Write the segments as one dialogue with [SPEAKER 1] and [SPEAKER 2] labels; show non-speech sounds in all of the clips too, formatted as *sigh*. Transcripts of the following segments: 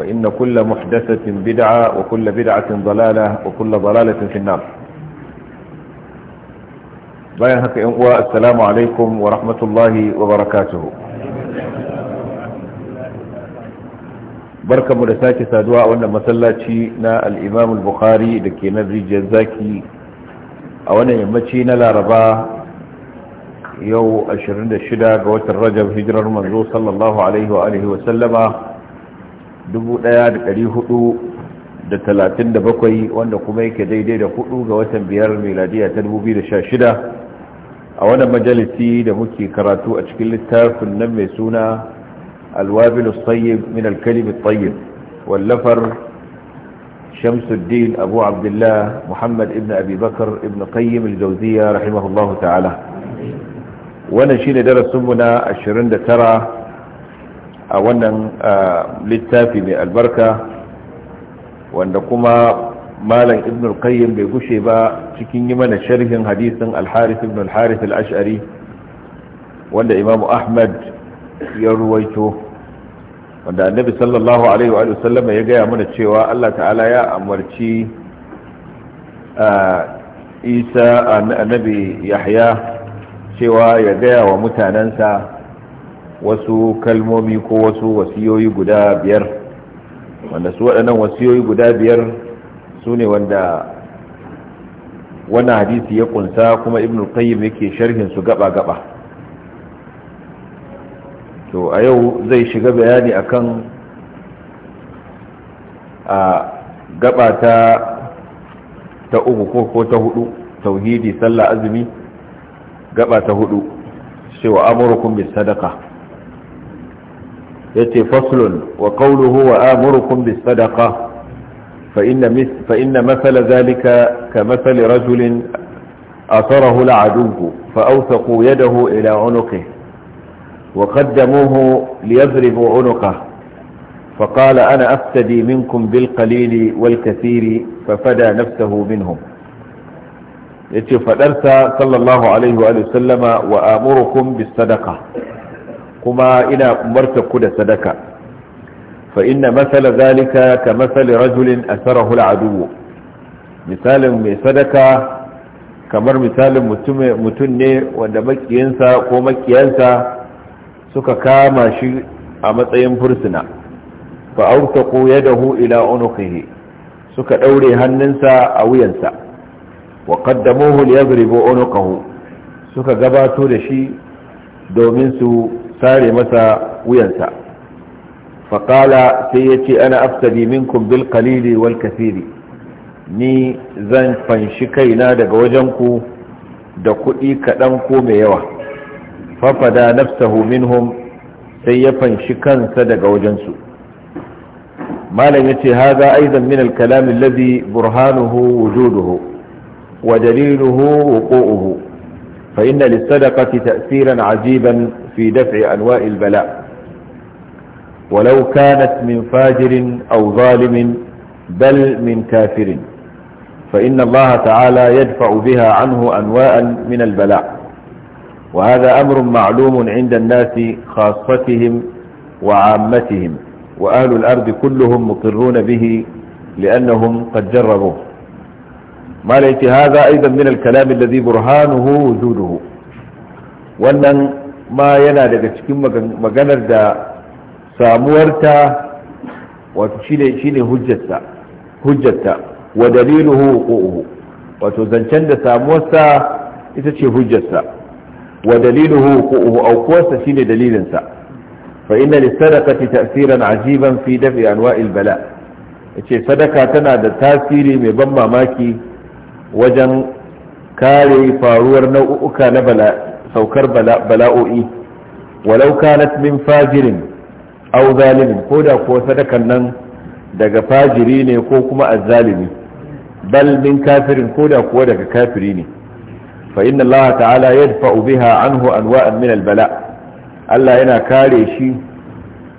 [SPEAKER 1] فإن كل محدثة بدعة وكل بدعة ضلالة وكل ضلالة في النار bayan haka yan uwa assalamu alaikum wa rahmatullahi wa barakatuhu barkamu da sake saduwa a wannan masallaci na al-Imam bukhari da ke na rijiyar zaki a wannan yammaci na Laraba yau 26 ga watan Rajab hijirar manzo sallallahu 1437 wanda kuma yake daidai da 4 ga watan biyar miladiya ta 2016 a wani majalisi da muke karatu a cikin littafin nan mai suna alwabilu tsayyib min alkalimi tsayyib wallafar shamsuddin abu abdullah muhammad ibn abi bakar ibn qayyim aljawziya rahimahullahu ta'ala wannan shine darasinmu na 29 a wannan littafi mai albarka wanda kuma malam ibn al bai gushe ba cikin yi mana sharhin hadisin al-harith ibn al-harith al-ash'ari wanda imamu ahmad ya ruwaito wanda annabi sallallahu alaihi wa sallam ya gaya mana cewa Allah ta'ala ya amarci isa annabi yahya cewa ya gaya wa mutanensa wasu kalmomi ko wasu wasiyoyi guda biyar wanda su waɗannan wasiyoyi guda biyar su ne wanda wannan hadisi ya kunsa kuma ibn qayyim yake sharhin su gaba gaba to a yau zai shiga bayani akan a gaba ta ta uku ko ta hudu tauhidi sallah azumi gaba ta hudu cewa amurukum bis sadaqa يتي فصل وقوله وآمركم بالصدقة فإن, فإن مثل ذلك كمثل رجل أثره العدو فأوثقوا يده إلى عنقه وقدموه ليضربوا عنقه فقال أنا أفتدي منكم بالقليل والكثير ففدى نفسه منهم يتي فدرس صلى الله عليه وآله وسلم وآمركم بالصدقة kuma ina umarta ku da sadaka fa inna masala zalika ka masali rajulin asarahu al'adu misalin mai sadaka kamar misalin mutum ne wanda makiyansa ko makiyansa suka kama shi a matsayin fursuna fa autaku yadahu ila unuqihi suka daure hannunsa a wuyansa wa qaddamuhu liyadribu unuqahu suka gabato da shi domin su sare masa wuyansa faƙala sai ya ce ana aftabi minkum bil qalili wal kathiri ni zan fanshi kaina daga wajenku da kuɗi kaɗan ko mai yawa fafada nafsahu minhum sai ya fanshi kansa daga wajensu malam ya ce haza aizan min alkalamin lazi burhanuhu wujuduhu wa daliluhu wuqu'uhu fa inna lis tasirin ta'siran 'ajiban في دفع أنواع البلاء ولو كانت من فاجر أو ظالم بل من كافر فإن الله تعالى يدفع بها عنه أنواء من البلاء وهذا أمر معلوم عند الناس خاصتهم وعامتهم وأهل الأرض كلهم مقرون به لأنهم قد جربوه ما ليت هذا أيضا من الكلام الذي برهانه وجوده وأن ma yana daga cikin maganar da samuwarta wato shine shine hujjarta hujjarta wa daliluhu wuquhu wato zancen da samuwarsa ita ce hujjarsa wa daliluhu wuquhu au kuwarsa shine dalilinsa fa inna lisadaqati ta'siran ajiban fi daf'i anwa'il bala yace sadaka tana da tasiri mai ban mamaki wajen kare faruwar nau'uka na saukar bala'o'i walau kanat min fajirin aw zalimin ko da kuwa sadakan nan daga fajiri ne ko kuma azzalimi bal min kafirin ko da kuwa daga kafiri ne fa inna Allah ta'ala yadfa'u biha anhu anwa'an min albala Allah yana kare shi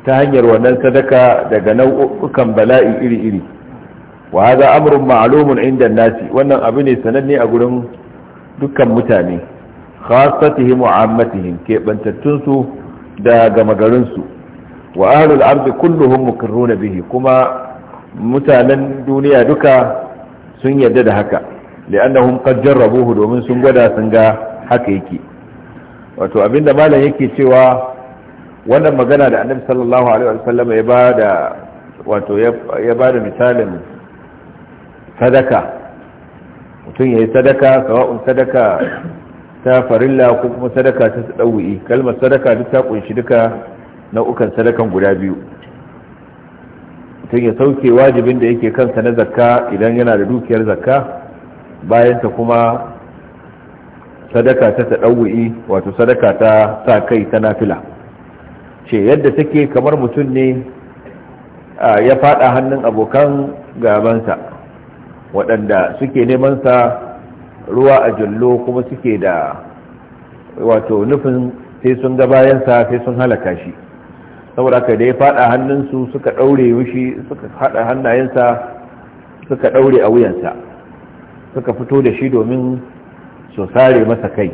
[SPEAKER 1] ta hanyar wannan sadaka daga nau'ukan bala'i iri-iri wa hadha amrun ma'lumun 'inda nasi wannan abu ne sananne a gurin dukkan mutane khasatihim wa ammatihim kebantattun su da gamagarin su wa ahlul ardi kulluhum mukarruna bihi kuma mutanen duniya duka sun yarda da haka li'annahum qad jarrabuhu domin sun gwada sun ga haka yake wato abinda malam yake cewa wannan magana da annabi sallallahu alaihi ya bada wato ya bada misalin sadaka mutum ya yi sadaka sawa'un sadaka ta farilla ko kuma sadaka ta tsawo'i kalmar sadaka duk ta ƙunshi duka nau'ukan sadakan guda biyu mutum ya sauke wajibin da yake kansa na zakka idan yana da dukiyar zakka bayan ta kuma sadaka ta tsawo'i wato sadaka ta sa kai ta nafila ce yadda take kamar mutum ne ya faɗa hannun abokan gabansa waɗanda suke neman sa ruwa a jallo kuma suke da wato nufin sai sun ga bayansa sai sun halaka shi saboda haka da ya fada hannunsu suka ɗaure suka haɗa hannayensa suka ɗaure a wuyansa suka fito da shi domin su sare masa kai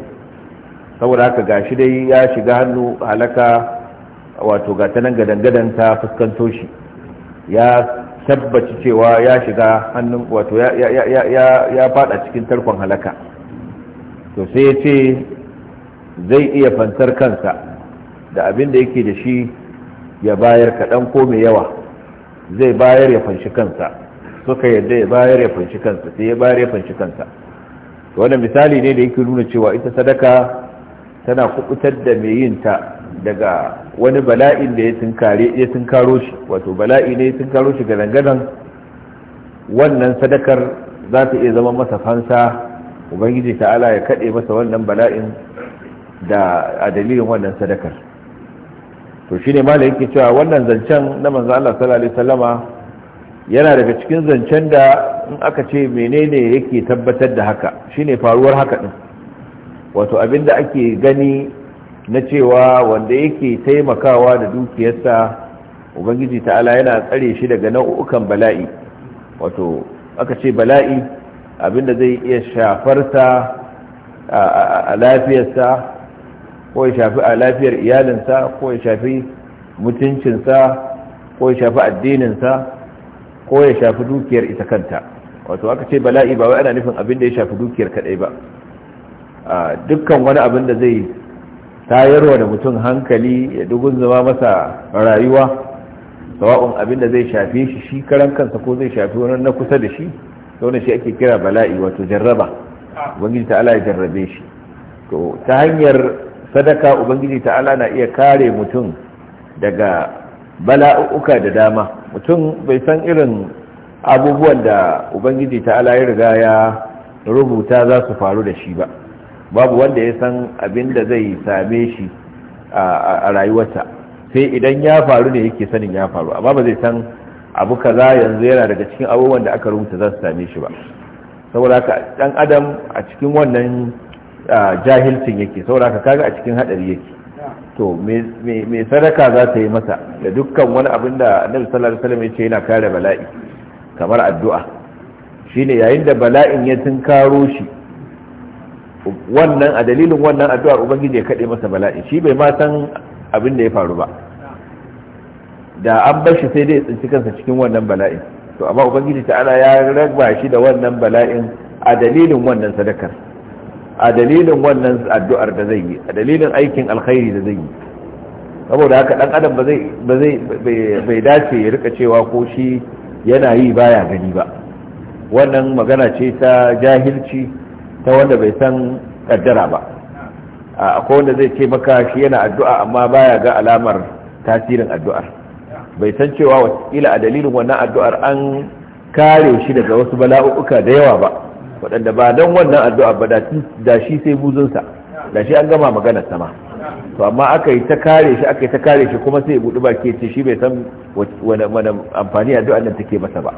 [SPEAKER 1] saboda haka gashi dai ya shiga hannu halaka wato ga ta nan gadangadan ta fuskanto shi ya tabbaci cewa ya shiga hannun wato ya fada cikin tarkon halaka to sai ya ce zai iya fantar kansa da abin da yake da shi ya bayar kaɗan ko mai yawa zai bayar ya fanshi kansa suka yadda ya bayar ya fanshi kansa sai ya bayar ya fanshi kansa wannan misali ne da yake nuna cewa ita sadaka tana kubutar da mai yinta daga wani bala'in da ya tunkare ya tunkaro shi wato bala'i ne ya tunkaro shi gadan-gadan wannan sadakar za ta iya zama masa fansa ubangiji ta'ala ya kaɗe masa wannan bala'in da a dalilin wannan sadakar to shine mala yake cewa wannan zancen na manzo Allah sallallahu alaihi yana daga cikin zancen da in aka ce menene yake tabbatar da haka shine faruwar haka din wato abinda ake gani na cewa wanda yake taimakawa da dukiyarsa ubangiji ta'ala yana tsare shi daga nau'ukan bala'i wato aka ce bala'i abinda zai iya shafarsa a lafiyarsa ko ya shafi a lafiyar iyalinsa ko ya shafi mutuncinsa ko ya shafi addininsa ko ya shafi dukiyar ita kanta wato aka ce bala'i ba wai ana nufin abinda ya shafi dukiyar kadai ba dukkan wani abin da zai tayarwa da mutum hankali ya dugun zama masa rayuwa sawa'un abin da zai shafe shi shi karan kansa ko zai shafi wani na kusa da shi da shi ake kira bala'i wato jarraba ubangiji ta'ala ya jarrabe shi to ta hanyar sadaka ubangiji ta'ala na iya kare mutum daga bala'uka da dama mutum bai san irin abubuwan da ubangiji ta'ala ya riga ya rubuta za su faru da shi ba babu wanda ya san abin da zai same shi a rayuwarsa sai idan ya faru ne yake sanin ya faru amma ba zai san abu kaza yanzu yana daga cikin abubuwan da aka rubuta za su same shi ba saboda haka dan adam a cikin wannan jahilcin yake saboda haka kaga a cikin hadari yake to me sadaka za ta yi masa da dukkan wani abin da annabi sallallahu alaihi wasallam yace yana kare bala'i kamar addu'a shine yayin da bala'in ya tunkaro shi wannan a dalilin wannan addu'ar ubangiji ya kaɗe masa bala'i shi bai ma san abin da ya faru ba da an bar shi sai dai tsinci kansa cikin wannan bala'in to amma ubangiji ta'ala ya ragba shi da wannan bala'in a dalilin wannan sadakar a dalilin wannan addu'ar da zai yi a dalilin aikin alkhairi da zai yi saboda haka dan adam ba zai bai dace ya rika cewa ko shi yana yi baya gani ba wannan magana ce ta jahilci ta wanda bai san kaddara ba akwai wanda zai ce maka shi yana addu'a amma baya ga alamar tasirin addu'ar bai san cewa ila a dalilin wannan addu'ar an kare shi daga wasu bala'uka da yawa ba waɗanda ba don wannan addu'a ba da shi sai buzunsa da shi an gama magana sama to amma aka yi ta kare shi aka yi ta kare shi kuma sai ya buɗi baki ce shi bai san wani amfani addu'ar nan take masa ba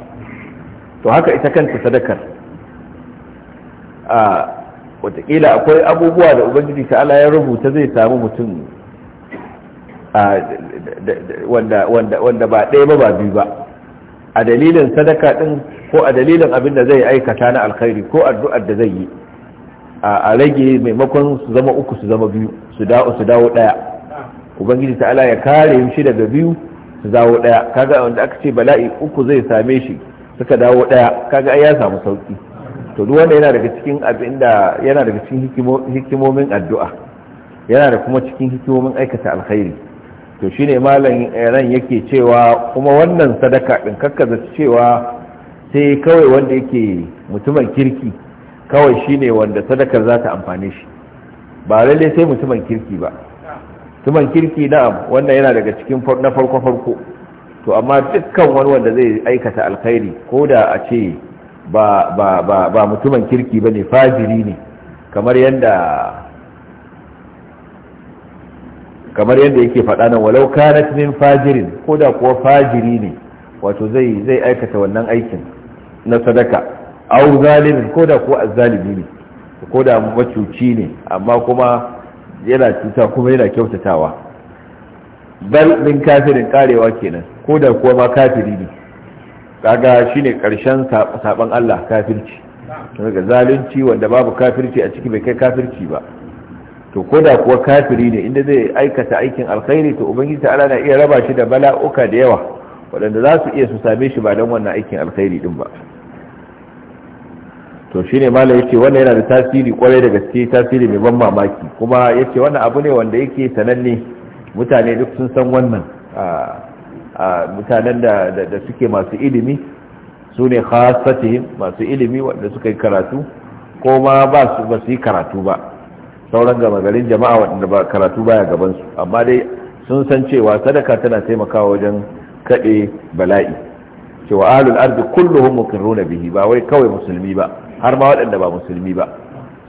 [SPEAKER 1] to haka ita kanta sadakar a watakila akwai abubuwa da ubangiji ta'ala ya rubuta zai samu mutum wanda ba ɗaya ba ba biyu ba a dalilin sadaka ɗin ko a dalilin abin da zai aikata na alkhairi ko addu'ar da zai yi a rage maimakon su zama uku su zama biyu su dawo ɗaya ubangiji ta'ala ya kare shi daga biyu su dawo ɗaya kaga wanda aka ce bala'i uku zai same shi suka dawo ɗaya kaga ya samu sauki to duk wanda yana daga cikin abin da yana daga cikin hikimomin addu'a yana da kuma cikin hikimomin aikata alkhairi to shine malam ran yake cewa kuma wannan sadaka din kakkaza cewa sai kawai wanda yake mutumin kirki kawai shine wanda sadakar za ta amfane shi ba lalle sai mutumin kirki ba mutumin kirki na'am wannan yana daga cikin na farko farko to amma dukkan wani wanda zai aikata alkhairi ko da a ce ba mutumin kirki bane fajiri ne kamar yadda kamar yadda yake faɗa nan walau kanat min fajirin ko da kuwa fajiri ne wato zai aikata wannan aikin na sadaka au zalimin ko da kuwa azzalimi ne ko da macuci ne amma kuma yana cuta kuma yana kyautatawa bal min kafirin karewa kenan ko da kuwa ma kafiri ne kaga shine karshen saban Allah kafirci daga zalunci wanda babu kafirci a ciki bai kai kafirci ba to koda kuwa kafiri ne inda zai aikata aikin alkhairi to ubangiji ta'ala na iya raba shi da bala'uka da yawa waɗanda za su iya su same shi ba don wannan aikin alkhairi din ba to shine mala yake wannan yana da tasiri kwarai da gaske tasiri mai ban mamaki kuma yace wannan abu ne wanda yake sananne mutane duk sun san wannan a mutanen da suke masu ilimi su ne khasatihim masu ilimi wanda suka yi karatu ko ma ba su ba su yi karatu ba sauran gama garin jama'a wanda ba karatu baya gaban su amma dai sun san cewa sadaka tana taimakawa wajen kaɗe bala'i cewa ahlul ardi kulluhum muqirruna bihi ba wai kawai musulmi ba har ma waɗanda ba musulmi ba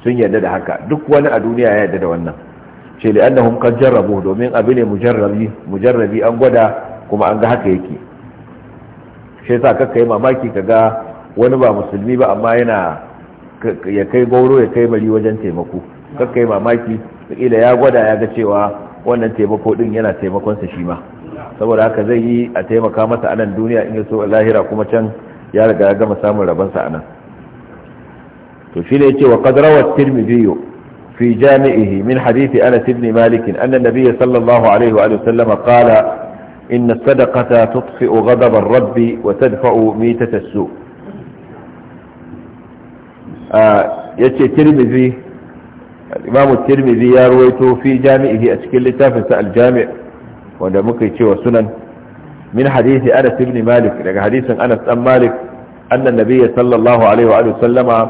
[SPEAKER 1] sun yarda da haka duk wani a duniya ya yarda da wannan ce li'annahum qad jarrabu domin abin ne mujarrabi mujarrabi an gwada kuma an ga haka yake shi yasa kakka yi mamaki ka ga wani ba musulmi ba amma yana ya kai gauro ya kai mari wajen taimako kakka yi mamaki ila ya gwada ya ga cewa wannan taimako din yana taimakonsa shi ma saboda haka zai yi a taimaka masa a nan duniya in ya so lahira kuma can ya riga ya gama samun rabansa a nan to shi ne ya ce wa kadrawar tirmidhiyo fi jami'ihi min hadithi anas ibn malik anna nabiyya sallallahu alaihi wa sallam qala إن الصدقة تطفئ غضب الرب وتدفع ميتة السوء آه، يا ترمذي الإمام الترمذي يا رويته في جامعه أشكل لتافس الجامع وأنا مكيتي وسنن من حديث أنس بن مالك لك حديث أنس أم مالك أن النبي صلى الله عليه وآله وسلم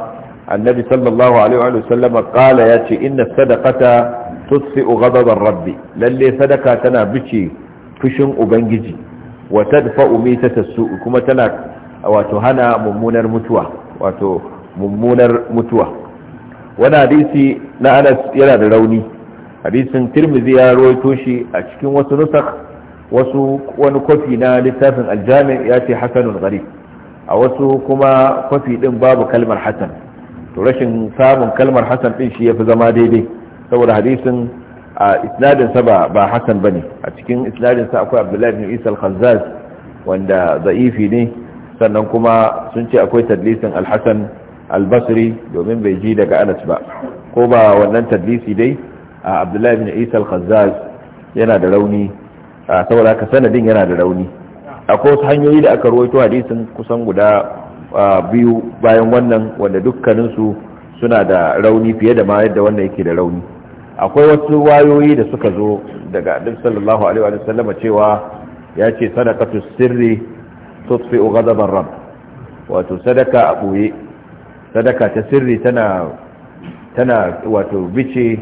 [SPEAKER 1] النبي صلى الله عليه وآله وسلم قال ياتي إن الصدقة تطفئ غضب الرب للي صدقة تنا بشي fushin ubangiji dafa umi ta su'u kuma tana wato hana mummunar mutuwa wato mummunar mutuwa wani hadisi na Anas yana da rauni hadisin Tirmidhi ya rawaito shi a cikin wasu nusakh wasu wani kofi na littafin aljami ya ce hasanun gari a wasu kuma kofi din babu kalmar hasan to rashin samun kalmar hasan din shi ya fi zama daidai saboda hadisin a isnadinsa ba ba hasan bane a cikin isnadinsa akwai abdullahi bin isa al-khazzaz wanda za'ifi ne sannan kuma sun ce akwai tadlisin al-hasan al-basri domin bai ji daga anas ba ko ba wannan tadlisi dai a abdullahi bin isa al-khazzaz yana da rauni saboda ka sanadin yana da rauni akwai wasu hanyoyi da aka rawaito hadisin kusan guda biyu bayan wannan wanda dukkaninsu suna da rauni fiye da ma yadda wannan yake da rauni akwai wasu wayoyi da suka zo daga annabi sallallahu alaihi wa sallam cewa ya ce sadaqatu sirri tutfi ghadab ar-rabb wato sadaka a ɓoye. sadaka ta sirri tana tana wato bice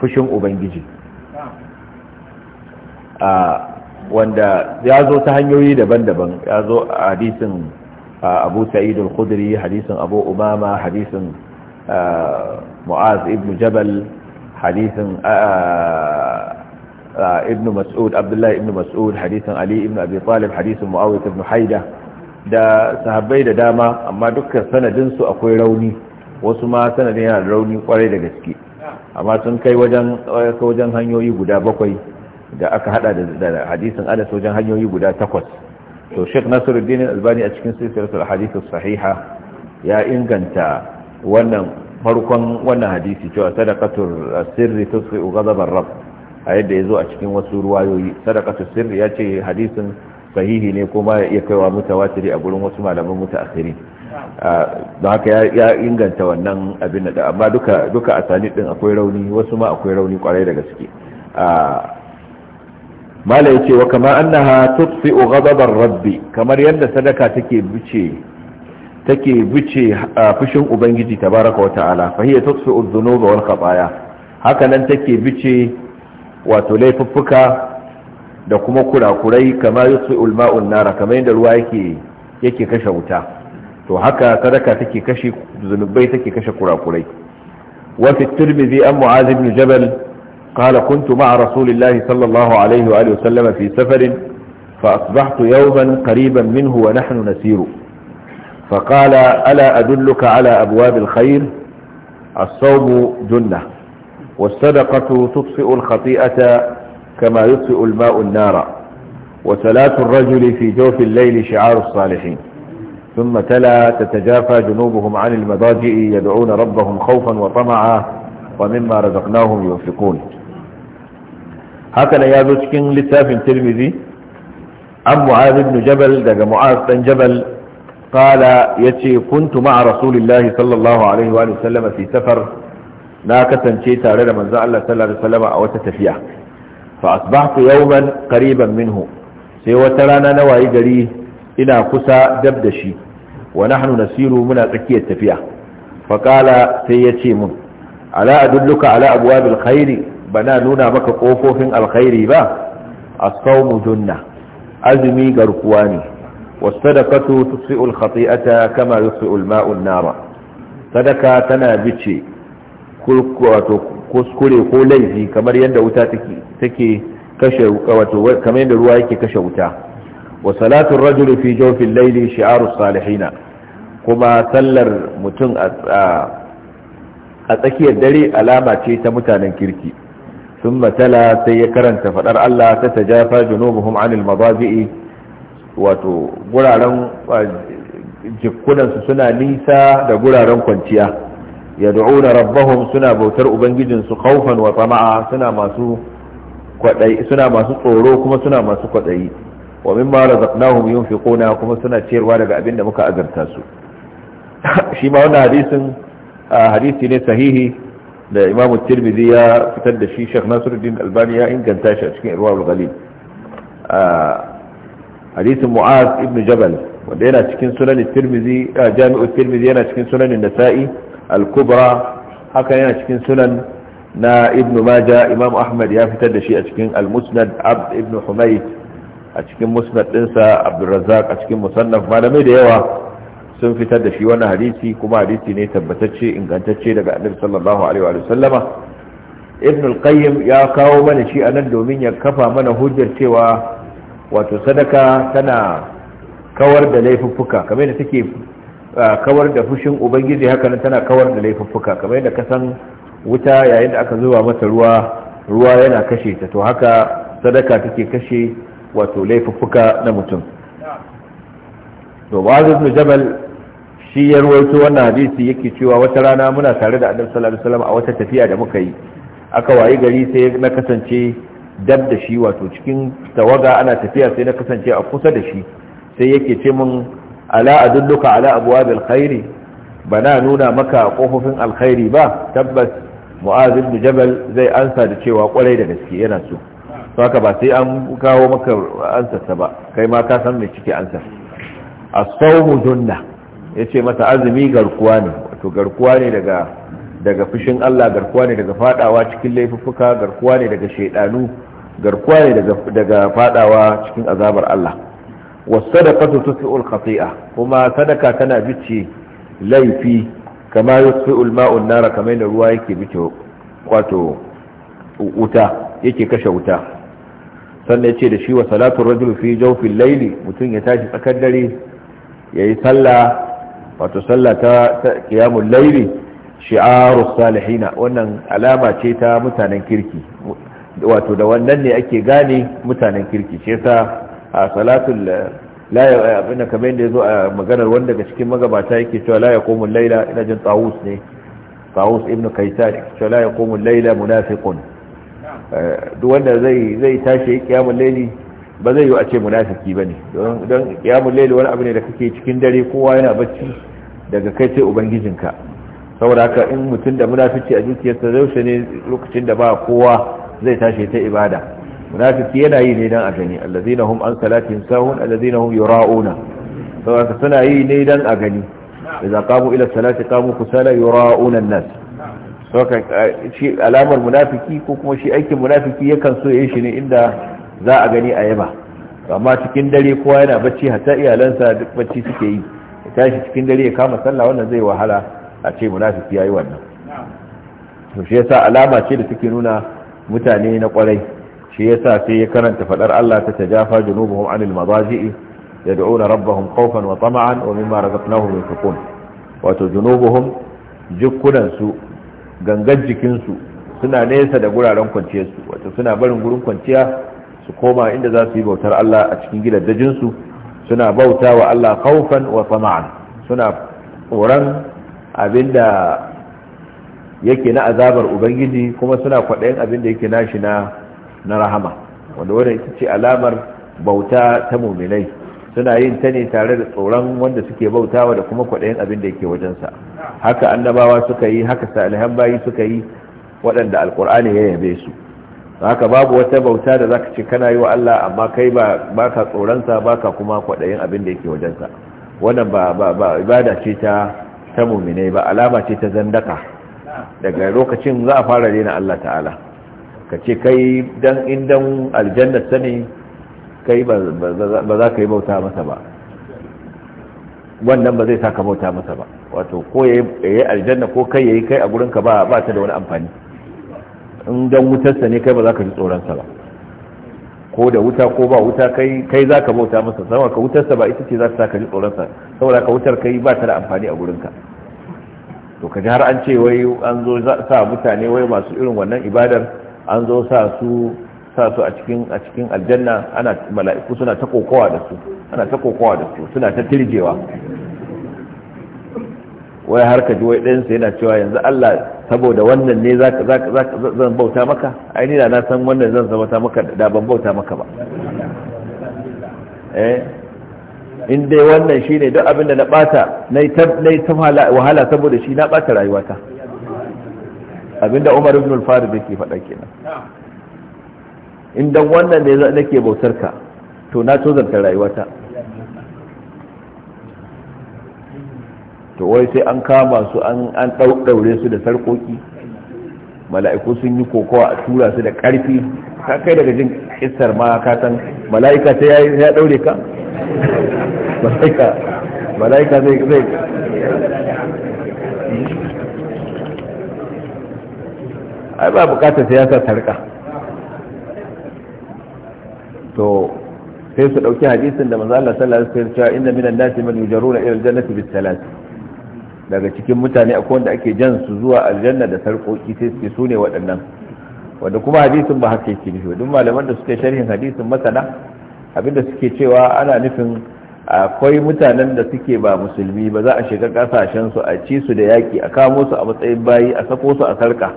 [SPEAKER 1] fushin ubangiji a wanda ya zo ta hanyoyi daban-daban ya zo a hadisin abu sa'id al-khudri hadisin abu umama hadisin mu'az ibn jabal hadisin ibn mas'ud abdullahi ibn mas'ud hadisin ali ibn abi talib hadisin mu'awiyah ibn haida da sahabbai da dama amma dukkan sanadin su akwai rauni wasu ma sanadin yana rauni kwarai da gaske amma sun kai wajen wajen hanyoyi guda bakwai da aka hada da hadisin anas wajen hanyoyi guda takwas to Sheikh Nasiruddin Albani a cikin silsilatul hadith sahiha ya inganta wannan farkon wannan hadisi cewa sadaqatul sirri tusfi'u ghadabar rabb a yadda yazo a cikin wasu ruwayoyi sadaqatul sirri yace hadisin sahihi ne kuma ya kaiwa mutawatiri a gurin wasu malaman mutaakhirin da haka ya inganta wannan abin da amma duka duka asani din akwai rauni wasu ma akwai rauni kwarai da gaske mala yace wa kama annaha tutfi'u ghadabar rabbi kamar yadda sadaka take bice take bice fushin ubangiji tabaraka wa ta'ala fa hiya tutsu adh-dhunuba wal khataya haka nan take bice wato laifuffuka da kuma kurakurai kama yutsu al nara kamar yadda ruwa yake yake kashe wuta to haka sadaka take kashe zunubai take kashe kurakurai wa fi tirmidhi an mu'adh ibn jabal قال كنت مع رسول الله صلى الله عليه وآله وسلم في سفر فأصبحت يوما قريبا منه ونحن نسير فقال ألا أدلك على أبواب الخير الصوم جنة والصدقة تطفئ الخطيئة كما يطفئ الماء النار
[SPEAKER 2] وصلاة الرجل في جوف الليل شعار الصالحين
[SPEAKER 1] ثم تلا تتجافى جنوبهم عن المضاجئ يدعون ربهم خوفا وطمعا ومما رزقناهم ينفقون هكذا يا ذو cikin littafin الترمذي
[SPEAKER 2] أم معاذ بن جبل دقى معاذ بن جبل
[SPEAKER 1] qala yace kuntu ma'a rasulillahi sallallahu alaihi wa sallama fi safar na kasance tare da manzo Allah sallallahu alaihi wasallam a wata tafiya fa asbahtu yawman qariban minhu sai wata rana na wayi gari ina kusa dab da shi wa nahnu nasiru muna tsakiyar tafiya fa qala sai yace mun ala adulluka ala abwabil khairi bana nuna maka kofofin alkhairi ba as-sawmu junna azumi garkuwa ne wasadaqatu tusfi'u al-khati'ata kama yusfi'u al-ma'u an sadaka tana bice wato kuskure ko laifi kamar yadda ruwa yake kashe wuta wa salatu ar-rajuli fi jawfi al-layli shi'aru salihina kuma sallar mutum a tsakiyar dare alama ce ta mutanen kirki sun sai ya karanta سيكرن allah الله تتجافى جنوبهم عن المضاجئ wato guraren jikunansu suna nisa da guraren kwanciya ya da'una rabbahum suna bautar ubangijinsu kaufan wa tsama'a suna masu suna masu tsoro kuma suna masu kwaɗayi wa mimma razaqnahum yunfiquna kuma suna ciyarwa daga abin da muka azarta su *coughs* shi ma wannan hadisin hadisi ne sahihi da imamu tirmidhi ya fitar da shi Sheikh Nasiruddin Albani ya inganta shi a cikin Irwaul Ghalib hadisin mu'az ibn jabal wanda yana cikin sunan tirmizi jami'u tirmizi yana cikin sunanin nasa'i al-kubra haka yana cikin sunan na ibn maja imam ahmad ya fitar da shi a cikin al-musnad abd ibn humayt a cikin musnad dinsa abdurrazzaq a cikin musannaf malamai da yawa sun fitar da shi wannan hadisi kuma hadisi ne tabbatacce ingantacce daga annabi sallallahu alaihi wa sallama ibn al-qayyim ya kawo mana shi anan domin ya kafa mana hujjar cewa wato sadaka tana kawar da laifuffuka kamar da take kawar da fushin ubangiji haka nan tana kawar da laifuffuka kamar da kasan wuta yayin da aka zuba mata ruwa ruwa yana kashe ta to haka sadaka take kashe wato laifuffuka na mutum to ba'az ibn jabal shi ya rawaito wannan hadisi yake cewa wata rana muna tare da annabi sallallahu alaihi wasallam a wata tafiya da muka yi aka wayi gari sai na kasance dab da shi wato cikin tawaga ana tafiya sai na kasance a kusa da shi sai yake ce min ala adulluka ala abwabil khairi bana nuna maka kofofin alkhairi ba tabbas mu'az ibn jabal zai ansa da cewa kwarai da gaske yana so to haka ba sai an kawo maka ansarsa ba kai ma ka san me cike ansar as-sawmu dunna yace masa azumi garkuwa ne wato garkuwa ne daga daga fushin Allah garkuwa ne daga fadawa cikin laifuffuka garkuwa ne daga shaidanu garkuwa ne daga fadawa cikin azabar Allah wasadaqatu tusfi'ul khati'a kuma sadaka tana bice laifi kama yusfi'ul ma'un nara kamar da ruwa yake bice wato wuta yake kashe wuta sannan yace da shi wa salatu rajul fi jawfil layli mutun ya tashi tsakar dare yayi sallah wato sallah ta qiyamul layli shi'arus salihina wannan alama ce ta mutanen kirki wato da wannan ne ake gane mutanen kirki ce ta a salatul la abinda kamar yadda yazo a maganar wanda daga cikin magabata yake cewa la yaqumul layla ina jin tsawus ne tsawus ibnu kaisan cewa la yaqumul layla munafiqun eh, duk wanda zai zai tashi kiyamul layli ba zai yi a ce munafiki bane don don kiyamul layli wani abu ne da kake cikin dare kowa yana bacci daga kai sai ubangijinka saboda haka in mutum da munafiki a zuciyarsa zaushe ne lokacin da ba kowa zai tashi ta ibada munafiki yana yi ne dan a gani allazina hum an salatin sahun allazina hum yura'una saboda suna yi ne dan a gani idza qamu ila salati qamu kusala yura'una an-nas saboda shi alamar munafiki ko kuma shi aikin munafiki yakan so yayin shi ne inda za a gani a yaba amma cikin dare kowa yana bacci hatta iyalansa duk bacci suke yi tashi cikin dare ya kama sallah wannan zai wahala a ce munafiki yayi wannan to shi yasa alama ce da take nuna mutane na kwarai shi yasa sai ya karanta fadar Allah ta tajafa junubuhum anil madaji'i yad'una rabbahum khawfan wa tama'an wa mimma razaqnahum yunfiqun wato junubuhum jukkunan su gangan jikin su suna nesa da guraren kwanciya su wato suna barin gurin kwanciya su koma inda za su yi bautar Allah a cikin gidaddajin su suna bauta wa Allah khawfan wa tama'an suna tsoron abinda yake na azabar ubangiji kuma suna kwaɗayin abinda yake nashi na na rahama wanda wadda ita ce alamar bauta ta muminai suna yin ta ne tare da tsoron wanda suke bautawa da kuma kwaɗayin abinda yake wajensa haka annabawa suka yi haka salihan bayi suka yi waɗanda alkur'ani ya yabe su haka babu wata bauta da zaka ce kana yi wa Allah amma kai ba ka tsoronsa ba ka kuma kwaɗayin abin da yake wajensa wannan ba ibada ce ta ta muminai ba alama ce ta zandaka daga lokacin za a fara daina Allah ta'ala ka ce kai dan indan aljanna sani kai ba za ka yi bauta masa ba wannan ba zai sa ka bauta masa ba wato ko ya yi aljanna ko kai ya yi kai a gurinka ba ta da wani amfani in dan wutarsa ne kai ba za ka yi tsoronsa ba ko da wuta ko ba wuta kai kai zaka bauta masa sama ka wutar sa ba ita ce za ta saka ji tsoron sa saboda ka wutar kai ba ta da amfani a gurin ka to kaji har an ce wai an zo sa mutane wai masu irin wannan ibadar an zo sa su sa su a cikin a cikin aljanna ana mala'iku suna ta kokowa da su ana ta kokowa da su suna ta tirjewa wai har ka ji wai ɗayansa yana cewa yanzu Allah saboda wannan ne zan bauta maka aini da na san wannan zan ta maka da ban bauta maka ba eh in dai wannan shi ne duk abinda na ɓata na yi ta wahala saboda shi na ɓata rayuwata abinda umar ibn al-farid yake faɗa kenan in dan wannan ne nake bautar ka to na tozarta rayuwata to wai sai an kama su an ɗaure su da sarkoki mala'iku sun yi kokowa a tura su da ƙarfi ka kai daga jin kissar ma ka san mala'ika ta ya daure ka mala'ika zai zai ai ba bukatar sai ya sa to sai su ɗauki hadisin da manzo Allah sallallahu alaihi wasallam ce inna minan nasi man yujaruna ila aljannati bis salat daga cikin mutane akwai wanda ake jan su zuwa aljanna da sarkoki sai su su ne waɗannan wanda kuma hadisin ba haka yake nufi duk malaman da suke sharhin hadisin masana abin da suke cewa ana nufin akwai mutanen da suke ba musulmi ba za a shiga kasashen su a ci su da yaki a kamo su a matsayin bayi a sako su a sarka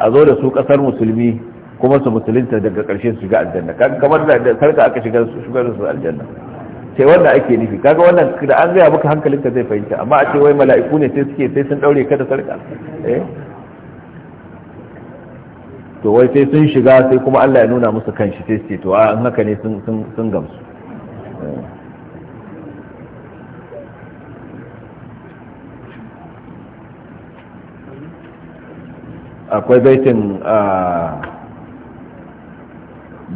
[SPEAKER 1] a zo da su kasar musulmi kuma su musulunta daga karshe su shiga aljanna kamar da sarka aka shiga su shiga su aljanna kai wannan ake nufi kaga wannan da an gaya maka hankalin ka zai fahimta amma a ce wai mala'iku ne sai suke sai sun daure ka da sarka eh to wai sai sun shiga sai kuma Allah ya nuna musu kanshi sai su ce to a an haka ne sun sun sun gamsu eh. akwai baitin a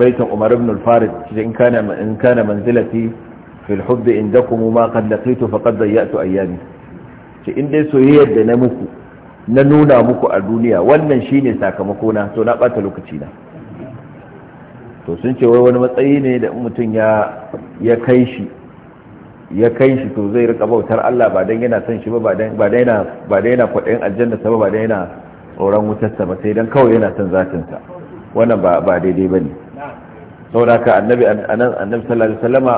[SPEAKER 1] baitin Umar ibn al-Farid in kana in kana manzilati fil hubbi indakum ma qad laqitu faqad dayyatu ayyami ce in dai soyayyar da na muku na nuna muku a duniya wannan shine sakamako na to na bata lokaci na to sun ce wai wani matsayi ne da mutum ya ya kai shi ya kai shi to zai rika bautar Allah ba dan yana son shi ba ba dan yana ba dan yana kwadayin aljanna sa ba dan yana tsoron wutarsa ba sai dan kawai yana son zatin sa wannan ba ba daidai bane saboda haka annabi annabi sallallahu alaihi wasallama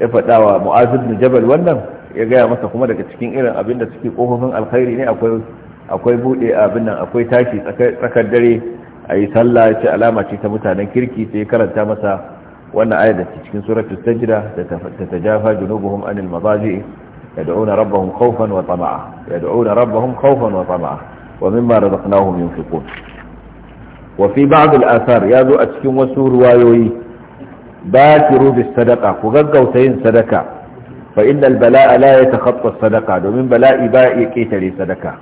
[SPEAKER 1] ya faɗa wa mu'az ibn jabal wannan ya gaya masa kuma daga cikin irin abin da suke kofofin alkhairi ne akwai akwai bude abin nan akwai tashi tsakar dare a yi sallah ya ce alama ce ta mutanen kirki sai karanta masa wannan ayar da cikin suratul sajda da ta tajafa junubuhum anil madaji yad'una rabbahum khawfan wa tama'a yad'una rabbahum khawfan wa tama'a wa mimma razaqnahum yunfiqun wa fi ba'd al-athar yazo a cikin wasu ruwayoyi basiru bis sadaka ku gaggauta yin sadaka fa innal bala'a la yatakhatta sadaka domin bala'i ba ya ketare sadaka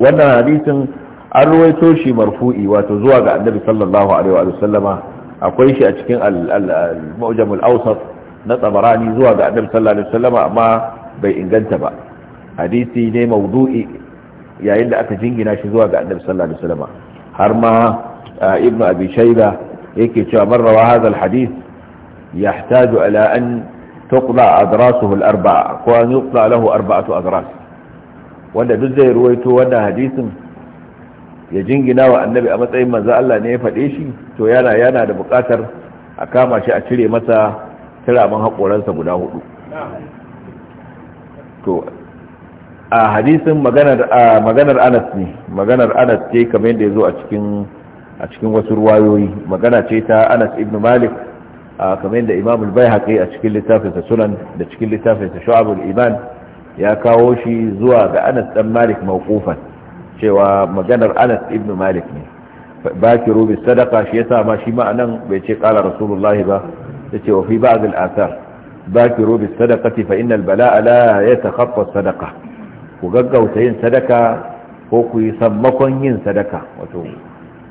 [SPEAKER 1] wannan hadisin an ruwaito shi marfu'i wato zuwa ga annabi sallallahu akwai shi a cikin al-mu'jamul awsat na tsabarani zuwa ga annabi sallallahu amma bai inganta ba hadisi ne mawdu'i yayin da aka jingina shi zuwa ga annabi sallallahu har ma ibnu abi shayba yake cewa man rawa hadha al hadith yahtaju ala an tuqla adrasuhu al arba'a ko an yuqla lahu arba'atu adras wanda duk zai ruwaito wannan hadisin ya jingina wa annabi a matsayin manzo Allah ne ya faɗe shi to yana yana da buƙatar a kama shi a cire masa tiraman haƙoransa guda hudu to a hadisin maganar maganar Anas ne maganar Anas ce kamar yadda ya zo a cikin a cikin wasu ruwayoyi magana ce ta anas ibn malik kamar yadda imam al-baihaqi a cikin littafinsa sunan da cikin littafinsa shu'abul iman ya kawo shi zuwa ga anas dan malik mawqufan cewa maganar anas ibn malik ne bakiru bis sadaqa shi yasa ma shi ma anan bai ce qala rasulullah ba yace wa fi ba'd al-athar bakiru bis sadaqati fa innal bala'a la yatakhaffa sadaqa ku gaggauta yin sadaka ko ku yi sammakon yin sadaka wato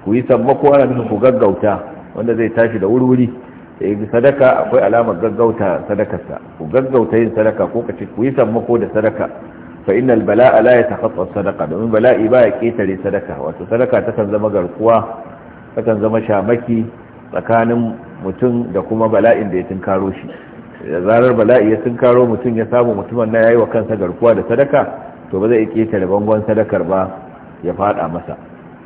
[SPEAKER 1] ku yi sammako ana nufin ku gaggauta wanda zai tashi da wuri-wuri da eh, yi sadaka akwai alamar gaggauta sadakarsa ku gaggauta yin sadaka ko kace ku yi sammako da sadaka fa innal bala'a la yatakhaffaf sadaka domin bala'i ba ya ketare sadaka wato sadaka kan zama garkuwa kan zama shamaki tsakanin mutum da kuma bala'in da ya tunkaro shi da zarar bala'i ya tunkaro mutum ya samu mutumin na yayi wa kansa garkuwa da sadaka to ba zai ketare bangon sadakar ba ya fada masa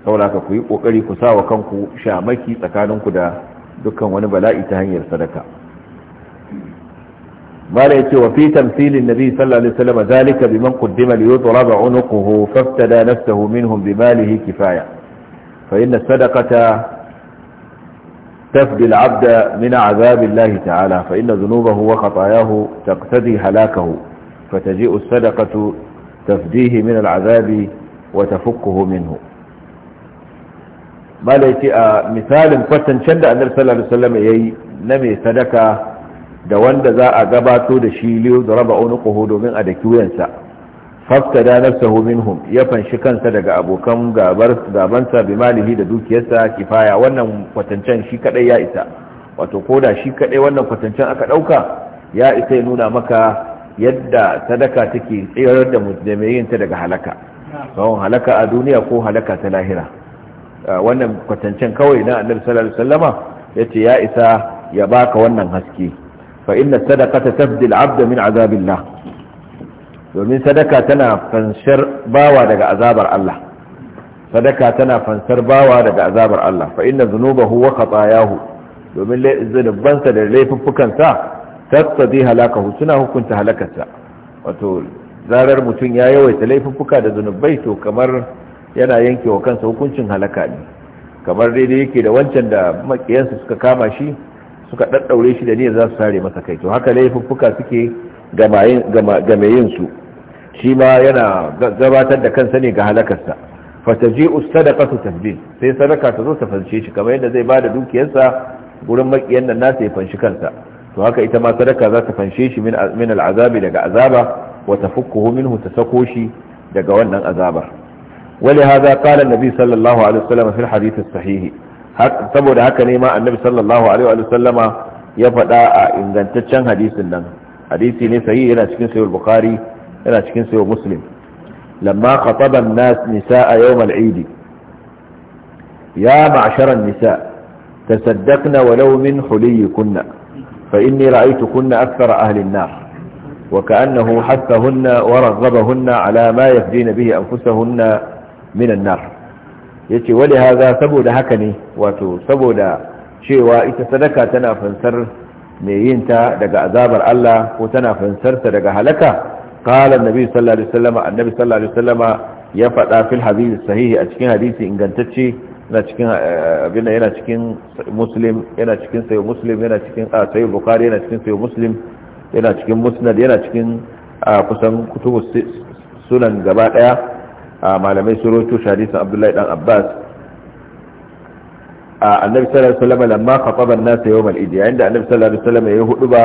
[SPEAKER 1] saboda ka ku yi kokari ku sa wa kanku shamaki tsakaninku da dukkan wani bala'i ta hanyar sadaka mala yace wa fi tamthilin nabi sallallahu alaihi wasallam zalika biman quddima li yudraba unuquhu faftada nafsuhu minhum bi malihi kifaya fa inna sadaqata min تفدي العبد من عذاب الله تعالى فإن ذنوبه وخطاياه تقتدي هلاكه فتجيء الصدقة تفديه من wa وتفكه minhu mala ce a misalin kwatancen da annabi sallallahu alaihi wasallam yayi na mai sadaka da wanda za a gabato da shi liyu da raba unuquhu domin a daki wuyansa
[SPEAKER 2] faftada nafsahu minhum ya fanshi kansa daga abokan gabar gabansa bi malihi da dukiyarsa kifaya wannan kwatancen shi kadai ya isa
[SPEAKER 1] wato koda shi kadai wannan kwatancen aka dauka ya isa ya nuna maka yadda sadaka take tsayar da ta daga halaka sawon halaka a duniya ko halaka ta lahira wannan kwatancen kawai na annabi sallallahu alaihi wasallama yace ya isa ya baka wannan haske fa inna sadaqata tafdi al-abd min azabillah domin sadaka tana fansar bawa daga azabar Allah sadaka tana fansar bawa daga azabar Allah fa inna dhunubahu wa khatayahu domin zunubansa da laifuffukansa tattadi halakahu suna hukunta halakarsa wato zarar mutum ya yawaita laifuffuka da zunubai to kamar yana yanke wa kansa hukuncin halaka ne kamar daidai yake da wancan da makiyansa suka kama shi suka ɗaɗɗaure shi da niyyar za su sare masa kai to haka laifuffuka suke game yin su shi ma yana gabatar da kansa ne ga halakarsa fataji ustadaka su tasbih sai sadaka ta zo ta fanshe shi kamar yadda zai ba da dukiyarsa gurin makiyan nan nasa ya fanshi kansa to haka ita ma sadaka za ta fanshe shi min al'azabi daga azaba wata tafukkuhu minhu ta sako shi daga wannan azabar ولهذا قال النبي صلى الله عليه وسلم في الحديث الصحيح saboda haka ne ma annabi sallallahu alaihi wa sallama ya faɗa a ingantaccen hadisin nan hadisi ne sahihi yana cikin sahih bukhari yana cikin sahih muslim lamma khataba an-nas nisaa yawm al-eid ya ma'shara an-nisa tasaddaqna walau min huliyikunna fa inni ra'aytukunna akthara ahli an-nar وكأنه حثهن ورغبهن على ما يفدين به أنفسهن minan nar yace wali haza saboda haka ne wato saboda cewa ita sadaka tana fansar mai yin ta daga azabar Allah ko tana fansarta daga halaka qala annabi sallallahu alaihi wasallam annabi sallallahu alaihi wasallam ya faɗa fil hadith sahihi a cikin hadisi ingantacce yana cikin eh, yana cikin muslim yana cikin sayo muslim yana cikin ah, sayo bukari yana cikin sayo muslim yana cikin musnad yana cikin ah, kusan kutubu sunan gaba daya A malamai su roto hadisin abdullahi dan abbas annabi sallallahu alaihi wasallam lamma khataba an-nas yawm al-eid yayin da annabi sallallahu alaihi wasallam ya hudu ba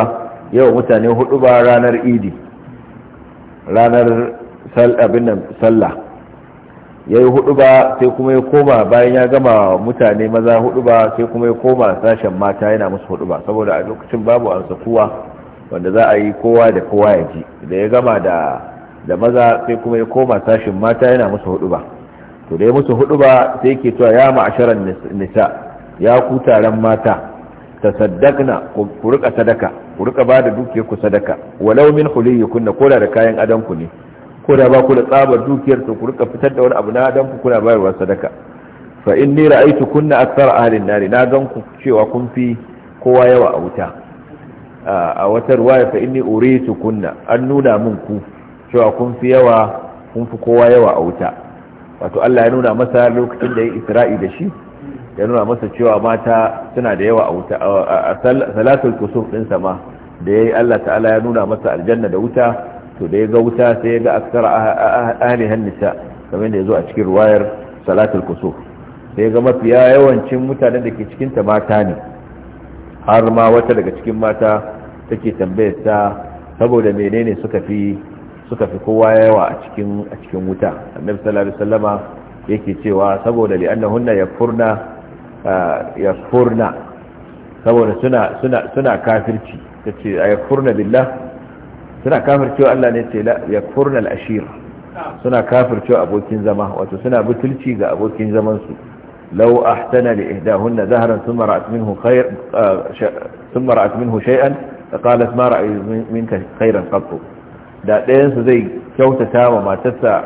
[SPEAKER 1] yau mutane hudu ba ranar idi ranar abin nan sallah ya yi hudu ba sai kuma ya koma bayan ya gama mutane maza hudu ba sai kuma ya koma sashen mata yana musu hudu ba saboda a lokacin babu an kuwa wanda za a yi kowa da kowa ya ji da ya gama da da maza sai kuma ya koma sashin mata yana musu hudu ba to da musu hudu ba sai ke cewa ya ma'asharan nisa ya ku taron mata tasaddaqna ku rika sadaka ku rika ba da dukiyar ku sadaka walau min huliyikun da da kayan adan ku ne ko da ba ku da tsabar dukiyar ku rika fitar da wani abu na adan ku kuna bayarwa sadaka fa inni ra'aytu kunna akthar ahlin nari na gan ku cewa kun fi kowa yawa a wuta a wata ruwaya fa inni uritu kunna an nuna min ku cewa kun fi yawa kun fi kowa yawa a wuta wato Allah ya nuna masa lokacin da ya isra'i da shi ya nuna masa cewa mata suna da yawa a wuta a salatul kusuf din sama da yayi Allah ta'ala ya nuna masa aljanna da wuta to da ya ga wuta sai ya ga aksara ahli hannisa kamar da zo a cikin ruwayar salatul kusuf sai ya ga mafiya yawancin mutanen da ke cikin ta mata ne har ma wata daga cikin mata take tambayar ta saboda menene suka fi suka fi kowa yawa a cikin a cikin wuta annabi sallallahu alaihi yake cewa saboda li annahunna yakfurna uh, yakfurna saboda suna suna suna kafirci tace ayakfurna billah suna kafircewa Allah ne ce la yakfurna al-ashir suna kafircewa abokin zama wato suna butulci ga abokin zaman su law ahtana li ihdahunna zahran thumma ra'at minhu khayr uh, thumma ra'at minhu shay'an فقالت ما min ka kairan قط da ɗayansu zai kyautata wa matarsa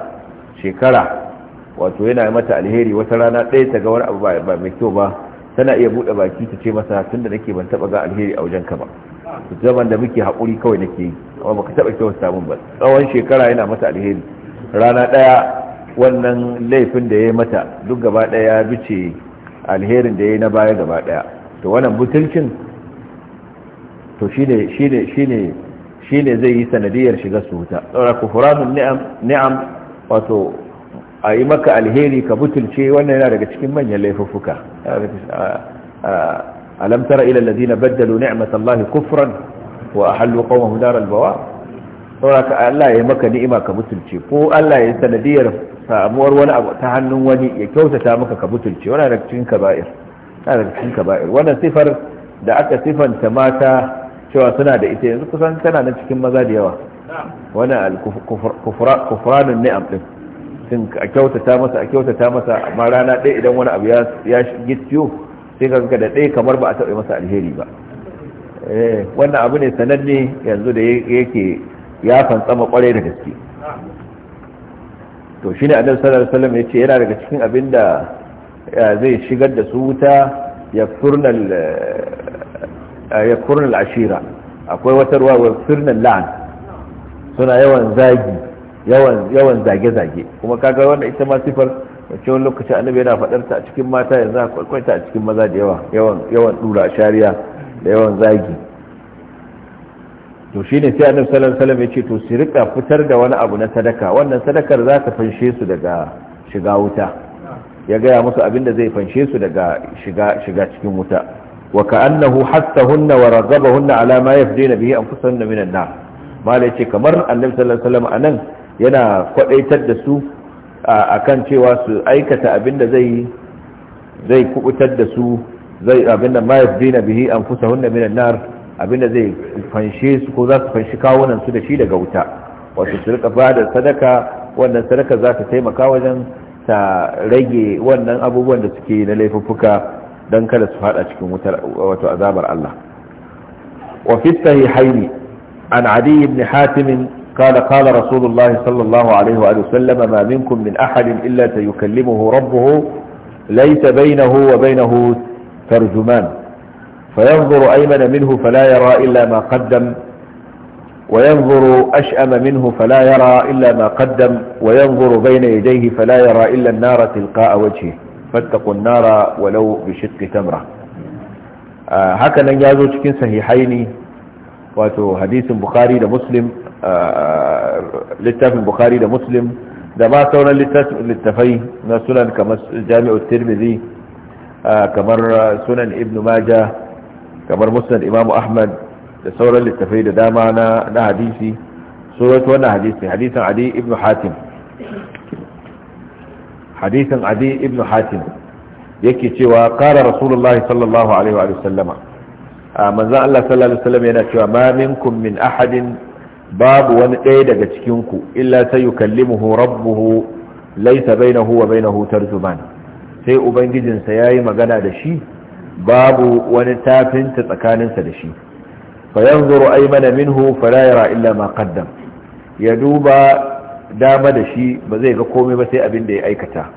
[SPEAKER 1] shekara wato yana mata alheri wata rana ɗaya ta ga wani abu ba mai kyau ba tana iya buɗe baki ta ce masa tun da nake ban taɓa ga alheri a wajen ka ba zaman da muke haƙuri kawai nake yi amma baka taɓa kyautata min ba tsawon shekara yana mata alheri rana ɗaya wannan laifin da ya yi mata duk gaba ɗaya ya bice alherin da ya yi na baya gaba ɗaya to wannan butulcin to shine shine shine shi ne zai yi sanadiyar shiga su wuta saboda kufranun ni'am wato a yi maka alheri ka butulce wannan yana daga cikin manyan laifuffuka a tara ila na baddalo baddalu ni'matallahi kufran wa a ahallu qawmahum daral bawa saboda Allah ya maka ni'ima ka butulce ko Allah ya sanadiyar samuwar wani abu ta hannun wani ya kyautata maka ka butulce wannan daga cikin kaba'ir daga cikin kaba'ir wannan sifar da aka sifanta mata cewa suna da ita yanzu kusan tana na cikin maza da yawa wani kufranin ne amɗin sun a kyautata masa a kyautata masa amma rana ɗaya idan wani abu ya gittiyo sai ka ga da ɗaya kamar ba a taɓa masa alheri ba eh, wannan abu ne sananne yanzu da yake ya fantsama kwarai da gaske to shi ne annabi sallallahu alaihi wasallam yace yana daga cikin abin da zai shigar da su wuta ya furnal ya kurna ashira akwai wata ruwa wa sirnan la'an suna yawan zagi yawan zage zage kuma kaga wannan ita ma sifar wacce wani lokaci annabi yana faɗar ta a cikin mata yanzu akwai ta a cikin maza da yawa yawan yawan dura shariya da yawan zagi to shine sai annabi sallallahu alaihi wasallam ya ce to su rika fitar da wani abu na sadaka wannan sadakar za ta fanshe su daga shiga wuta ya gaya musu abin da zai fanshe su daga shiga shiga cikin wuta وكأنه حثهن ورغبهن على ما يفدين به أنفسهن من النار ما ليش كمر النبي صلى الله عليه وسلم أنن yana kwadaitar da su a kan cewa su aikata abin da zai zai kubutar da su zai abin da ma yafdina bihi anfusahunna minan nar abin da zai fanshe su ko za su fanshi kawunan su da shi daga wuta wasu su rika bada sadaka wannan sadaka za ta taimaka wajen ta rage wannan abubuwan da suke na laifuffuka don kada su fada cikin wato azabar Allah wa fi sahihaini an adi ibn قال قال رسول الله صلى الله عليه وآله وسلم ما منكم من أحد إلا سيكلمه ربه ليس بينه وبينه ترجمان فينظر أيمن منه فلا يرى إلا ما قدم وينظر أشأم منه فلا يرى إلا ما قدم وينظر بين يديه فلا يرى إلا النار تلقاء وجهه fattakun nara walau bishikki tamra haka nan yazo cikin sahihaini wato hadisin bukhari da muslim littafin bukhari da muslim da ma sauran littafai na sunan kamar jami'ar tirmidhi kamar sunan ibnu maja kamar musnad imamu ahmad da sauran littafai da dama na hadisi surat wannan hadisi hadisin adi ibn hatim hadisin adi ibn hatim yake cewa kara rasulullahi sallallahu alaihi wa sallama manzon Allah sallallahu alaihi wasallam yana cewa ma minkum min ahadin babu wani ɗaya daga cikin ku illa sayukallimuhu rabbuhu laysa bainahu wa bainahu tarjuman sai ubangijinsa yayi magana da shi babu wani tafinta tsakaninsa da shi ai aymana minhu fala yara illa ma qaddam ya duba dama da shi ba zai ga komai ba sai abin da ya aikata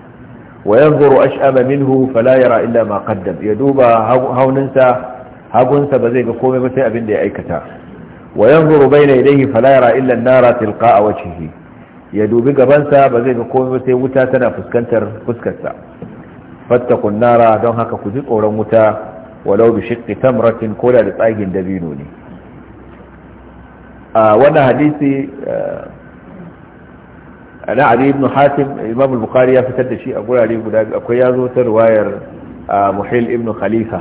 [SPEAKER 1] wa yanzuru ash'ama minhu fala yara illa ma qaddam ya duba hauninsa hagunsa ba zai ga komai ba sai abin da ya aikata wa yanzuru bayna yadayhi fala yara illa an-nara tilqa'a wajhihi ya dubi gabansa ba zai ga komai ba sai wuta tana fuskantar fuskarsa fattakun nara don haka ku ji tsoron wuta walau bi shiqqi tamratin koda da tsagin dabino ne a wannan hadisi eh, na ali ibn hatim imam al-bukhari ya fitar da shi a gurare guda biyu akwai yazo ta riwayar muhil ibn khalifa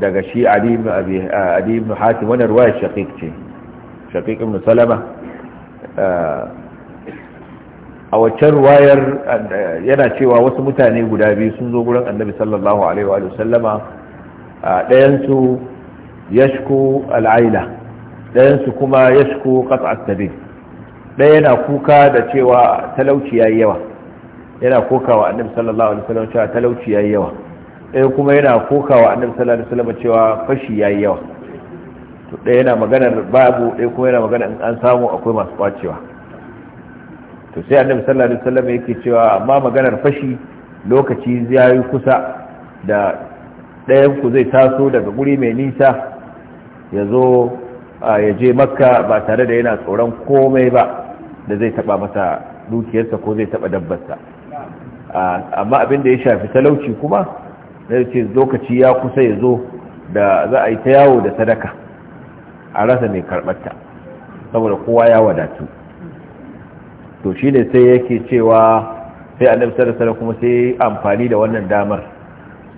[SPEAKER 1] daga shi ali ibn abi ali ibn hatim wannan riwayar shaqiq ce shaqiq ibn salama a waccan ruwayar yana cewa wasu mutane guda biyu sun zo gurin annabi sallallahu alaihi wa sallama ɗayansu yashku al'aila ɗayansu kuma yashku qat'a as-sabil ɗaya yana kuka da cewa talauci yayi yawa yana kokawa annabi sallallahu alaihi wasallam cewa talauci yayi yawa ɗaya kuma yana kokawa annabi sallallahu alaihi wasallam cewa fashi yayi yawa to ɗaya yana maganar babu ɗaya kuma yana magana an samu akwai masu kwacewa to sai annabi sallallahu alaihi wasallam yake cewa amma maganar fashi lokaci yayi kusa da dayan ku zai taso daga guri mai nisa ya zo ya je makka ba tare da yana tsoron komai ba da zai taba masa dukiyarsa ko zai taba dabbarsa amma abin da ya shafi talauci kuma na ce lokaci ya kusa ya zo da za a yi ta yawo da sadaka a rasa mai karbata saboda kowa ya wadatu to shi ne sai yake cewa sai annabi sallallahu alaihi kuma sai amfani da wannan damar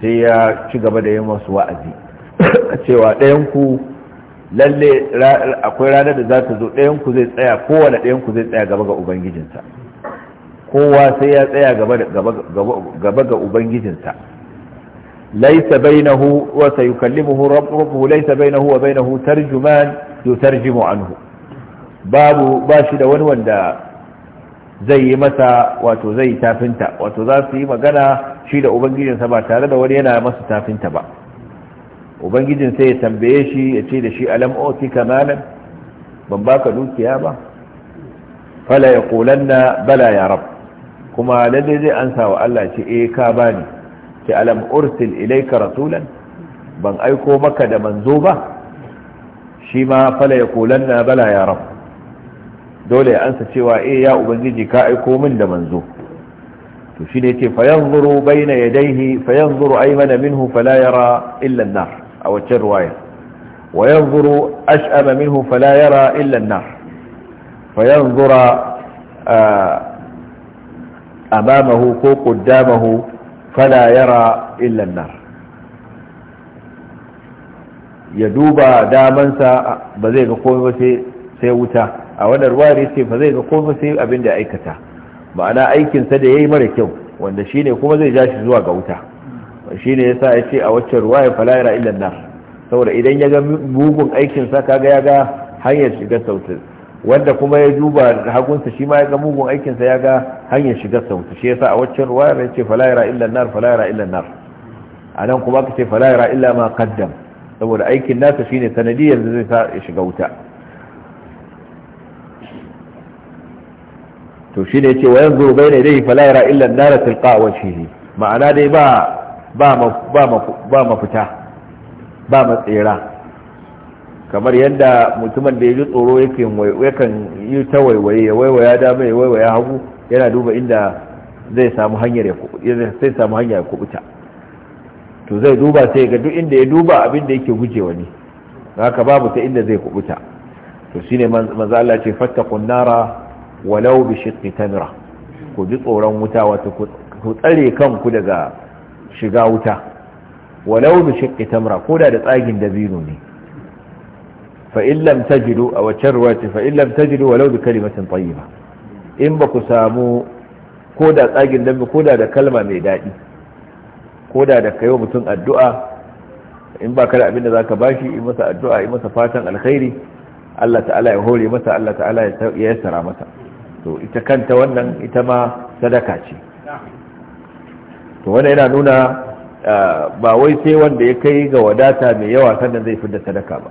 [SPEAKER 1] sai ya ci gaba da yin masu wa'azi *coughs* cewa ɗayan ku lalle akwai ranar da za ta zo ɗayanku zai tsaya kowane ɗayanku zai tsaya gaba ga ubangijinsa kowa sai ya tsaya gaba ga ubangijinsa laisa bainahu wa sayukallimuhu rabbuhu laisa bainahu wa bainahu tarjuman yutarjimu anhu babu ba shi da wani wanda zai yi masa wato zai tafinta wato za su yi magana shi da ubangijinsa ba tare da wani yana masa tafinta ba ubangijin sai ya tambaye shi ya ce da shi alam oti kamalan ban baka dukiya ba fala ya bala ya rab kuma lalle zai ansa wa Allah ce eh ka bani ce alam ursil ilaika rasulan ban aiko maka da manzo ba shi ma fala ya bala ya rab dole ya ansa cewa eh ya ubangiji ka aiko min da manzo to shi ne ce fayanzuru bayna yadayhi fayanzuru aymana minhu fala yara illa illan nar a wacce ruwaya wa yanzuru ash'aba minhu fala yara illa an-nar fa yanzura amamahu ko qaddamahu fala yara illa ya duba damansa ba zai ga komai sai wuta a wannan ruwayar yace ba zai ga komai sai abin da aikata ma'ana aikinsa da yayi mara kyau wanda shine kuma zai ja shi zuwa ga wuta shi ne sa ya ce a wacce ruwa ruwaya falayara illan nan saboda idan ya ga mugun aikinsa kaga ya ga hanyar shiga sautin wanda kuma ya duba hagunsa shi ma ya ga mugun aikin sa ya ga hanyar shiga sautin shi ya sa a wacce ruwaya ya ce falayara ilan nan falayara illan nan a nan kuma ka ce falayara illa ma kaddam saboda aikin nasa shi ne sanadiyar da zai sa ya shiga wuta to shi ne ce wa yanzu bai ne dai falayara illa nara tilqa wajhihi ma'ana dai ba ba mafita ba matsera kamar yadda mutumin da ya ji tsoro yakan yi ta waiwaye ya waiwaya dama ya waiwaya hagu yana duba inda zai samu hanyar ya kubuta to zai duba sai ga duk inda ya duba abin da yake gujewa ne haka babu ta inda zai kubuta to shine ne ce fattaqun nara walau bi ku ji tsoron wuta wata ku tsare kanku daga shiga wuta walau bi shiqqi tamra koda da tsagin dabino ne fa in lam tajidu aw charwati fa in lam tajidu walau bi kalimatin tayyiba in ba ku samu koda tsagin dabino koda da kalma mai dadi koda da kayo mutum addu'a in ba kada abin da zaka bashi in masa addu'a in masa fatan alkhairi Allah ta'ala ya hore masa Allah ta'ala ya yassara masa to ita kanta wannan ita ma sadaka ce to wanda yana nuna ba wai sai wanda ya kai ga wadata mai yawa sannan zai fitar sadaka ba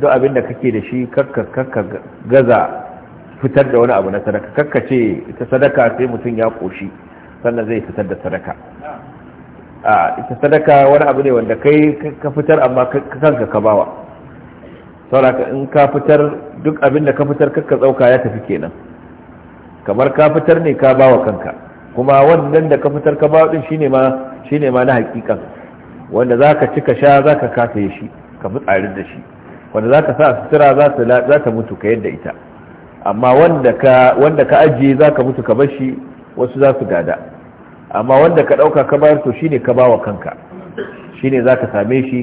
[SPEAKER 1] duk abin da kake da shi kakka kakka gaza fitar da wani abu na sadaka kakka ce ita sadaka sai mutum ya koshi sannan zai fitar da sadaka a ita sadaka wani abu ne wanda kai ka fitar amma kanka ka bawa sauraka in ka fitar duk abin da ka fitar kakka tsauka ya tafi kenan kamar ka fitar ne ka bawa kanka kuma wannan da ka fitar ka baɗin din shine ma shine ma na hakikan wanda zaka cika sha zaka kafe shi ka fitsarin da shi wanda zaka sa sutura za ta mutu ka yadda ita amma wanda ka wanda ka ajiye zaka mutu ka bar shi wasu za su gada amma wanda ka ɗauka ka bayar to shine ka bawa kanka shine zaka same shi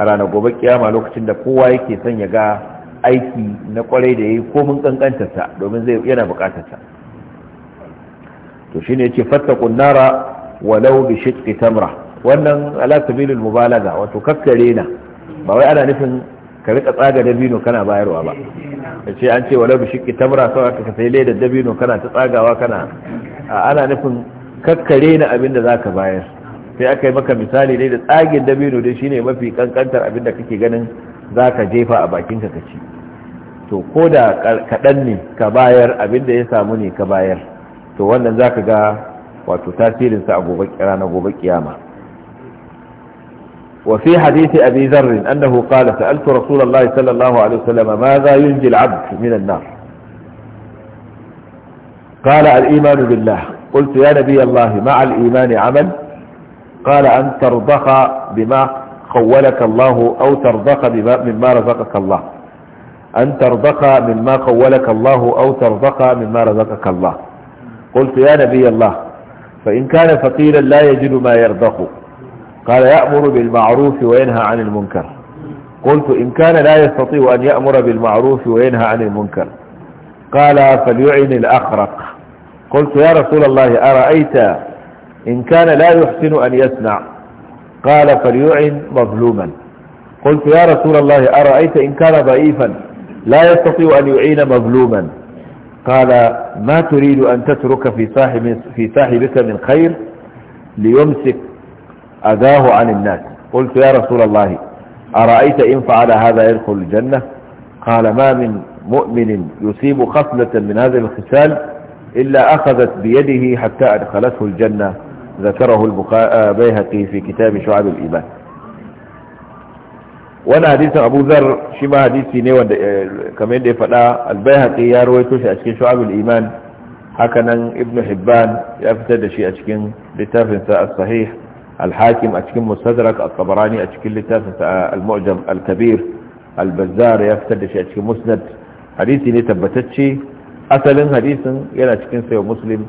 [SPEAKER 1] a ranar gobe kiyama lokacin da kowa yake son ya ga aiki na kwarai da yayi komin kankantarsa domin zai yana bukatarsa to shine yace fattaqun nara walau bi shiqqi tamra wannan ala sabilil mubalaga wato kaskare na ba wai ana nufin ka rika tsaga dabino kana bayarwa ba yace an ce walau bi shiqqi tamra sai aka ka sai da dabino kana ta tsagawa kana ana nufin kaskare na abin da zaka bayar sai aka yi maka misali dai da tsagin dabino dai shine mafi kankantar abin da kake ganin zaka jefa a bakinka ka ci to ko da kaɗan ne ka bayar abin da ya samu ne ka bayar to wannan za ka ga wato tasirinsa a gobe ranar gobe kiyama وفي حديث أبي ذر أنه قال سألت رسول الله صلى الله عليه وسلم ماذا ينجي العبد من النار
[SPEAKER 2] قال الإيمان بالله
[SPEAKER 1] قلت يا نبي الله مع الإيمان عمل قال أن ترضخ بما خولك الله أو ترضخ بما مما رزقك الله أن ترضخ مما خولك الله أو ترضخ مما رزقك الله قلت يا نبي الله فإن كان فقيرا لا يجد ما يرضخ قال يأمر بالمعروف وينهى عن المنكر قلت إن كان لا يستطيع أن يأمر بالمعروف وينهى عن المنكر قال فليعن الأخرق قلت يا رسول الله أرأيت إن كان لا يحسن أن يسمع قال فليعن مظلوما قلت يا رسول الله أرأيت إن كان ضعيفا لا يستطيع أن يعين مظلوما قال ما تريد أن تترك في, صاحب في صاحبك من خير ليمسك أذاه عن الناس قلت يا رسول الله أرأيت إن فعل هذا يدخل الجنة قال ما من مؤمن يصيب خصلة من هذا الخسال إلا أخذت بيده حتى أدخلته الجنة ذكره البيهقي آه، في كتاب شعب الإيمان wani hadisin abu zar shi ma hadisi ne wanda eh, kamar yadda ya faɗa albayhaƙi ya rawaito shi a cikin shu'abul iman hakanan ibn hibban ya fitar da shi a cikin littafinsa as-sahih al-hakim a cikin mustadrak at-tabarani a cikin littafinsa al-mu'jam al-kabir al-bazzar ya fitar da shi a cikin musnad hadisi ne tabbatacce asalin hadisin yana cikin sayo muslim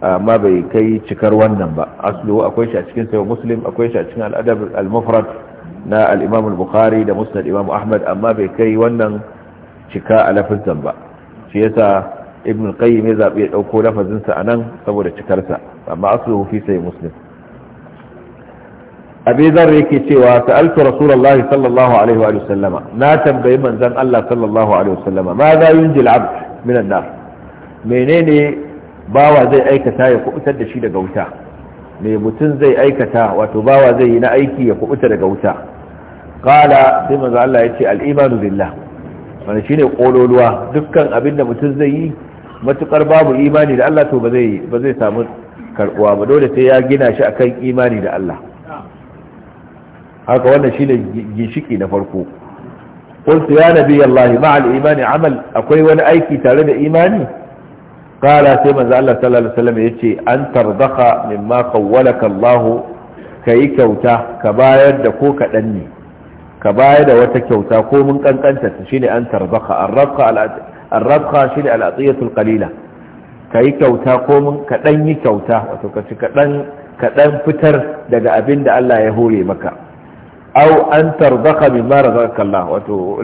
[SPEAKER 1] amma bai kai cikar wannan ba aslu akwai shi a cikin sayo muslim akwai shi a cikin al-adab al-mufrad na al-imam bukhari da musnad imam ahmad amma bai kai wannan cika a lafazin ba shi yasa ibn qayyim ya zaɓi ya dauko lafazin sa anan saboda cikarsa amma asluhu fi sahih muslim
[SPEAKER 2] abi dharr yake cewa ta sa'altu rasulullahi sallallahu alaihi wa sallama na tambayi manzan Allah sallallahu alaihi wa sallama ma za yunji al-abd
[SPEAKER 1] min nar menene bawa zai aikata ya kubutar da shi daga wuta me mutum zai aikata wato bawa zai yi na aiki ya kubuta daga wuta qala sai manzo Allah yace al-imanu billah shine kololuwa dukkan abin da mutum zai yi matukar babu imani da Allah to ba zai ba zai samu karbuwa ba dole sai ya gina shi akan imani da Allah haka wannan shine ginshiki na farko قلت يا نبي الله مع الإيمان عمل أكوي وانا أيكي تارد إيماني قال سيما an الله صلى الله عليه وسلم يتشي أن ترضخ مما قولك الله كي كباير دكوك أني ka baya da wata kyauta ko mun kankanta ta shine an tarbaka arrabka shine al'atiyatul qalila yi kyauta ko mun kaɗan yi kyauta wato ka ci kaɗan fitar daga abin da Allah ya hore maka aw an tarbaka min mimma razaqaka Allah wato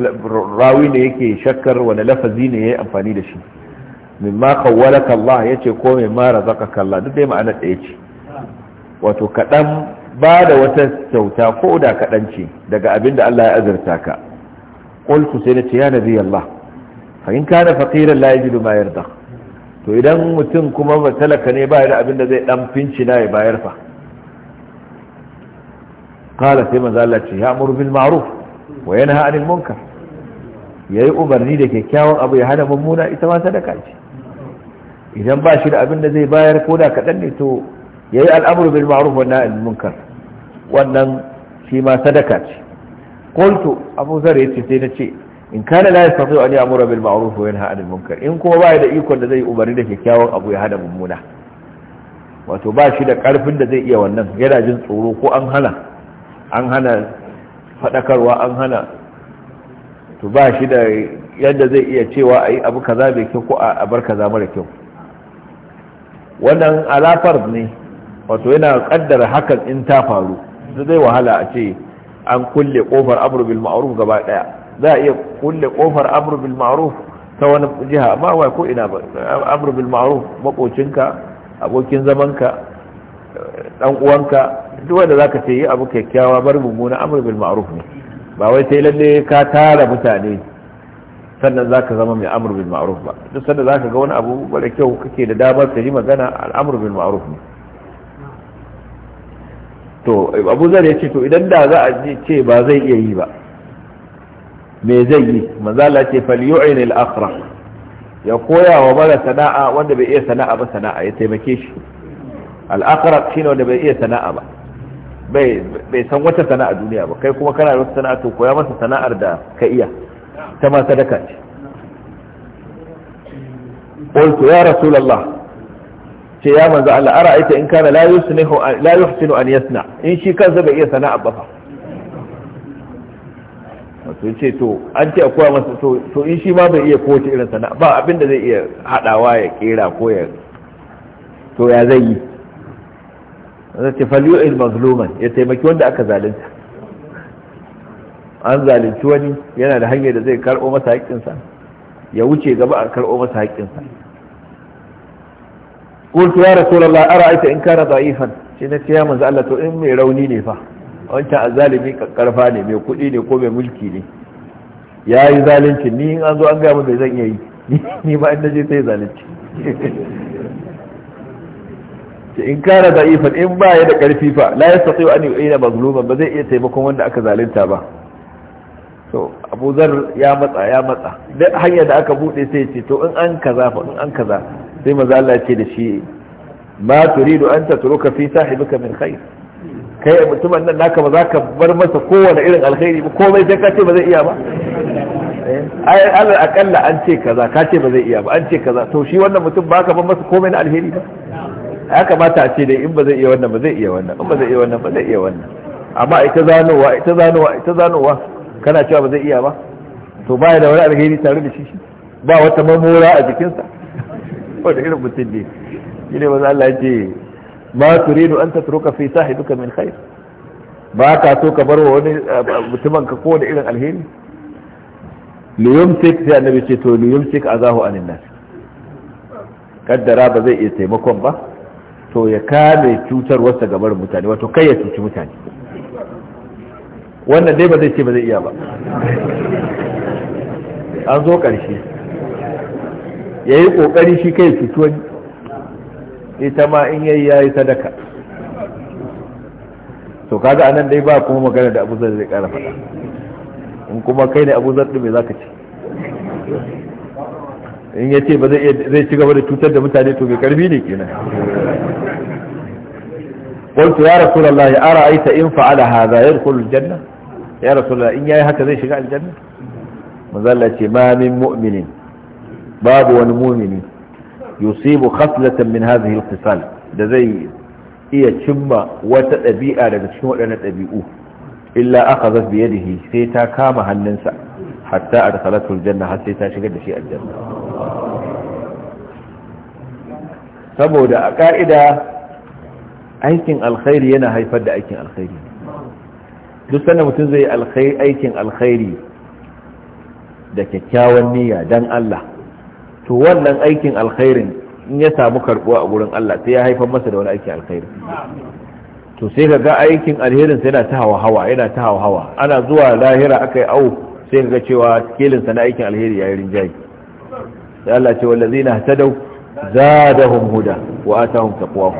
[SPEAKER 1] rawi ne yake shakkar wani lafazi ne yayi amfani da shi Min mimma khawwalaka Allah yace ko min mimma razaqaka Allah duk dai ma'anar da yace wato kaɗan. ba da wata kyauta ko da kaɗanci daga abin da Allah ya azurta ka ƙulku sai na ce ya nabi Allah fa in kana faqiran layi yajidu ma yarda to idan mutum kuma ba talaka ne ba da abin da zai ɗan dan na ya bayar fa qala sai manzo Allah ce ya'muru bil ma'ruf wa yanha 'anil munkar yayi umarni da kyakkyawan abu ya hana mummuna ita ma sadaka ce idan ba shi da abin da zai bayar ko da kaɗan ne to yayi al'amuru bil ma'ruf wa nahyi anil munkar wannan shi ma sadaka ce qultu abu zar yace sai nace in kana la yastati an ya'mura bil ma'ruf wa yanha 'anil munkar in kuma ba da ikon da zai umarni da kyakkyawan abu ya hada mummuna wato ba shi da karfin da zai iya wannan yana jin tsoro ko an hana an hana fadakarwa an hana to ba shi da yadda zai iya cewa ayi abu kaza bai kyau ko a bar kaza mara kyau wannan alafar ne wato yana kaddara hakan in ta faru zai wahala a ce an kulle kofar Amurbil ma'aruf gaba daya za a iya kulle kofar Amurbil ma'aruf ta wani jiha ma wai ko ina Amurbil ma'aruf makocinka abokin zamanka dan uwanka duk wanda zaka ce yi abu kyakkyawa bar mummuna amru bil ne ba wai sai lalle ka tara mutane sannan za ka zama mai Amurbil ma'aruf ba duk sanda za ka ga wani abu wadda kyau kake da damar ka yi magana al'amur bil ma'ruf ne to abu zar ya ce to idan da za a ce ba zai iya yi ba me zai yi manzala ce falyu'in al-akhra ya koya wa mara sana'a wanda bai iya sana'a ba sana'a ya taimake shi al shi ne wanda bai iya sana'a ba bai san wata sana'a duniya ba kai kuma kana da wata sana'a to koya masa sana'ar da ka iya ta ma sadaka ce ya rasulallah. ce ya manzo Allah aita in kana la yusnihu la yuhsinu an yasna in shi kansa bai iya sana'a ba fa to ce to an ce akwai masa to to in shi ma bai iya kowace irin sana'a ba abin da zai iya hadawa ya kera ko ya to ya zai yi zai ce falyu'il mazluman ya taimaki wanda aka zalunta an zalunci wani yana da hanyar da zai karbo masa haƙƙinsa ya wuce gaba a karbo masa haƙƙinsa قلت يا رسول الله in إن كان shi na يا من زالة إمي to in وانت rauni ne fa wancan azalimi karfa ne mai kuɗi ne ko mai mulki ne ya yi zalunci ni in an zo an gaya mai zan iya yi ni ba inda je sai zalunci in kana da'ifan in ba ya da karfi fa la ba zai iya taimakon wanda aka zalunta ba to Abu Zar ya matsa ya matsa duk hanyar da aka bude sai ce to in an kaza fa in an kaza sai maza Allah ce da shi ma turidu an tatruka fi sahibika min khair kai mutumin nan naka ba za ka bar masa kowane irin alkhairi ba komai sai ka ce ba zai iya ba eh, ai alal akalla an ce kaza ka ce ba zai iya ba an ce kaza to shi wannan mutum ba ka bar masa komai na alheri ba ya kamata a ce dai in ba zai iya wannan ba zai iya wannan in ba zai iya wannan ba zai iya wannan amma ita zanowa ita zanowa ita zanowa kana cewa ba zai iya ba to baya da wani alheri tare da shi ba wata mamora a jikinsa *laughs* wanda irin mutum ne shi ne maza Allah ce su turidu an ta turuka fi sahi duka min khair ba ka so ka bar wa wani eh, mutumin ka kowane irin alheri sik sai annabi ce to a zahu anin nas kaddara ba zai iya taimakon ba to ya kame cutar wasa gabar mutane wato kai ya cuci mutane wannan dai ba zai ce ba zai iya ba *laughs* an zo ƙarshe
[SPEAKER 2] ya yi ƙoƙari shi kai
[SPEAKER 1] cuci ita ma in yayi ya yi sadaka to kaga anan dai ba kuma magana da abu zai zai ƙara faɗa in kuma kai ne abu ɗin mai zaka ce in ya ce ba zai ci gaba da cutar da mutane to mai karfi ne kenan قلت يا رسول الله أرأيت إن فعل هذا يدخل الجنة يا رسول الله إن يهك هكذا شقاء الجنة مظلة ما من مؤمن babu wani mumini yusibu khaslatan min hadhihi da zai iya cimma wata ɗabi'a daga cikin waɗannan ɗabi'u illa akhadhat bi yadihi sai ta kama hannunsa hatta a al-janna sai ta shigar da shi aljanna saboda a ka'ida aikin alkhairi yana haifar da aikin alkhairi duk sanda mutum zai yi aikin alkhairi da kyakkyawan niyya dan Allah to wannan aikin alkhairin in ya samu karbuwa a gurin Allah sai ya haifar masa da wani aikin alkhairi to sai ka ga aikin alherin sai yana ta hawa hawa yana ta hawa hawa ana zuwa lahira akai au sai ga cewa kelinsa sa na aikin alheri yayi rinjayi sai Allah ce wallazina hatadaw
[SPEAKER 2] zadahum
[SPEAKER 1] huda wa atahum taqwahum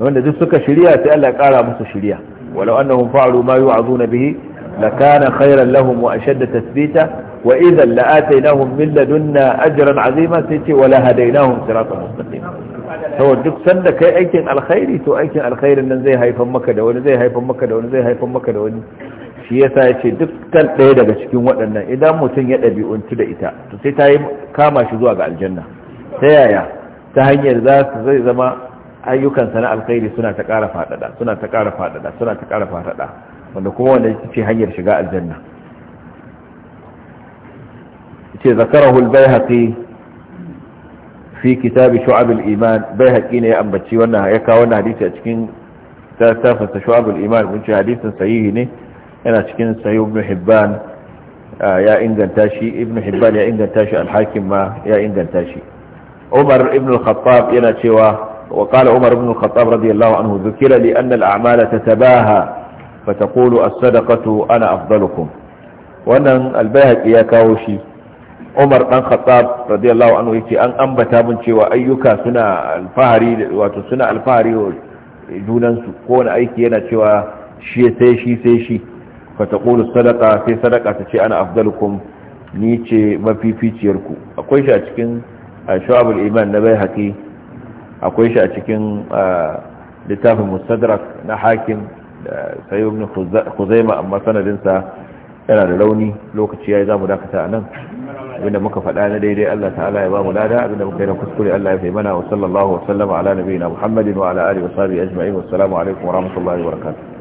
[SPEAKER 1] wanda duk suka shirya sai Allah ya kara musu shirya walau annahum fa'alu ma yu'azuna bihi لكان خيرا لهم وأشد تثبيتا وإذا لآتيناهم من لدنا أجرا عظيما سيتي ولهديناهم صراطا مستقيما هو duk sanda kai aikin alkhairi to aikin alkhairin nan zai haifan maka da wani zai haifan shi yasa yace dukkan ɗaya daga cikin waɗannan idan mutum ya ɗabi'untu da ita to sai ta yi kama shi zuwa ga aljanna ta yaya ta hanyar za su zai zama ayyukansa na alkhairi suna ta ƙara faɗaɗa suna ta ƙara faɗaɗa suna ta ƙara faɗaɗa wanda kuma wanda ita ce hanyar shiga aljanna ce zakara al-baihaqi fi kitabi shu'ab al-iman baihaqi ne ya ambaci wannan ya kawo wannan hadisi a cikin tafsir shu'ab al-iman mun ce hadisin sahihi ne yana cikin sahih ibn hibban ya inganta shi ibn hibban ya inganta shi al ma ya inganta shi umar ibn al-khattab yana cewa وقال عمر بن الخطاب رضي الله عنه ذكر لي أن الأعمال تتباهى fatakulu a sadakatu ana afdalukum wannan albayhaqi ya kawo shi Umar dan Khattab radiyallahu anhu yace an ambata mun cewa ayyuka suna alfahari wato suna alfahari wa junansu ko wani aiki yana cewa shi sai shi sai shi fatakulu sadaka sai sadaka ta ce ana afdalukum ni ce mafificiyar ku akwai shi a cikin shu'abul iman na bayhaqi akwai shi a cikin littafin mustadrak na hakim da sayo ibn khuzaima amma sanadinsa yana da rauni lokaci yayi zamu dakata anan abinda muka faɗa na daidai Allah ta'ala ya ba mu lada abinda muka yi na kuskure Allah ya faimana wa sallallahu wa sallama ala nabiyina Muhammadin wa ala alihi wa sahbihi ajma'in wa assalamu alaikum wa rahmatullahi wa barakatuh